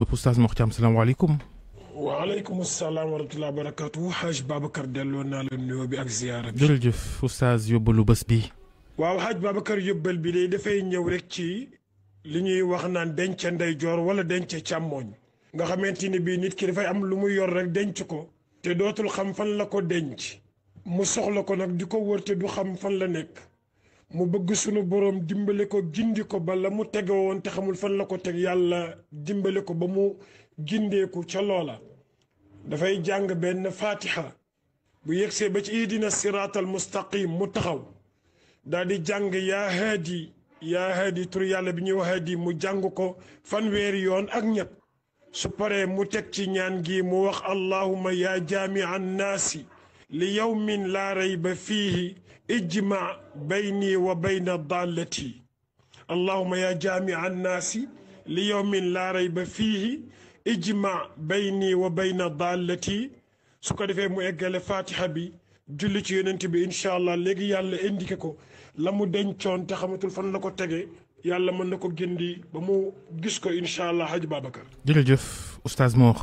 طب استاذ مختار السلام عليكم وعليكم السلام ورحمه الله وبركاته حاج بابكر دلونا نال النيو زياره جلجف استاذ يوبلو بس بي واو حاج بابكر يوبل بي لي دافاي bi ريك تي لي rek واخ نان دنت wax جور ولا دنت wala nga xamanteni bi nit ki dafay am lu muy yor rek denc ko te dootul xam fan la ko denc mu soxla ko nak diko wërte du xam fan la nek mu bëgg sunu borom dimbale ko gindi ko bala mu tege woon te xamul fan la ko teg yàlla dimbale ko ba mu gindeeku ca loola dafay jàng benn faatiha bu yegsee ba ci ihdina siraatal mustaqim mu taxaw daal di jàng yaa haadi yaa haadi tur yàlla bi ñuy wax haadi mu jàng ko fanweer yoon ak ñett su paree mu teg ci ñaan gi mu wax allahuma yaa jaami an naasi li yawmin laa rayba fiihi اجمع بيني وبين الضالة اللهم يا جامع الناس ليوم لا ريب فيه اجمع بيني وبين الضالة su ko defee mu eggale fatiha bi julli ci yonent bi incha allah léegi yàlla indiqué ko la mu dencoon te xamatul fan la ko tege yàlla mën na ko gindi ba mu gis ko incha allah haj Babacar. jërëjëf oustaz Mor.